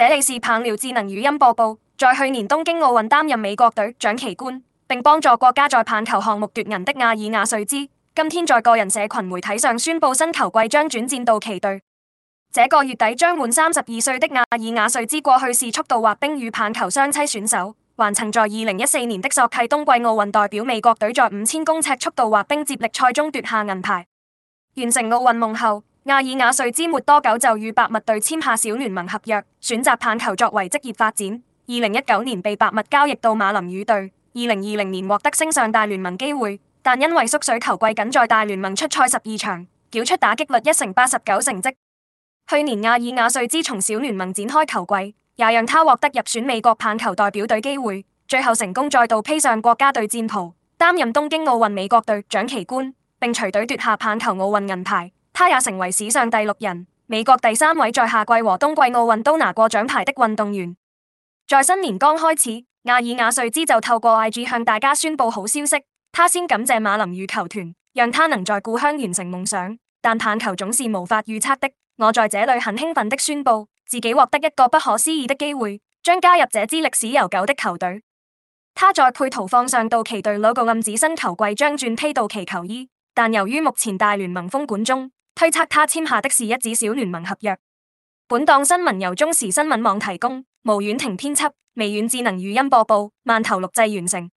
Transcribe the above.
這裏是棒鳥智能語音播報，在去年東京奧運擔任美國隊掌旗官，並幫助國家在棒球項目奪銀的阿爾瓦瑞茲，今天在個人社群媒體上宣布，新球季將轉戰道奇隊。這個個月底將滿三十二歲的阿爾瓦瑞茲，過去是速度滑冰與棒球雙棲選手，還曾在二零一四年的索契冬季奧運代表美國隊在五千公尺速度滑冰接力賽中奪下銀牌，完成奧運夢後。亞爾瓦瑞茲沒多久就與白襪隊簽下小聯盟合約，選擇棒球作為職業發展。二零一九年被白襪交易到馬林魚隊，二零二零年獲得升上大聯盟機會，但因為縮水球季僅在大聯盟出賽十二場，繳出打擊率一成八十九成績。去年阿爾瓦瑞茲從小聯盟展開球季，也讓他獲得入選美國棒球代表隊機會，最後成功再度披上國家隊戰袍，擔任東京奧運美國隊掌旗官，並隨隊奪下棒球奧運銀牌。他也成為史上第六人，美國第三位在夏季和冬季奧運都拿過獎牌的運動員。在新年剛開始，阿爾瓦瑞茲就透過 IG 向大家宣布好消息。他先感謝馬林與球團，讓他能在故鄉完成夢想。但棒球總是無法預測的。我在這裏很興奮的宣布，自己獲得一個不可思議的機會，將加入這支歷史悠久的球隊。他在配圖放上道奇隊攞個暗指新球季將轉披，披道奇球衣，但由於目前大聯盟封管中。推測他簽下的是一紙小聯盟合約。本檔新聞由中時新聞網提供，吳遠亭編輯，微遠智能語音播報，慢頭錄製完成。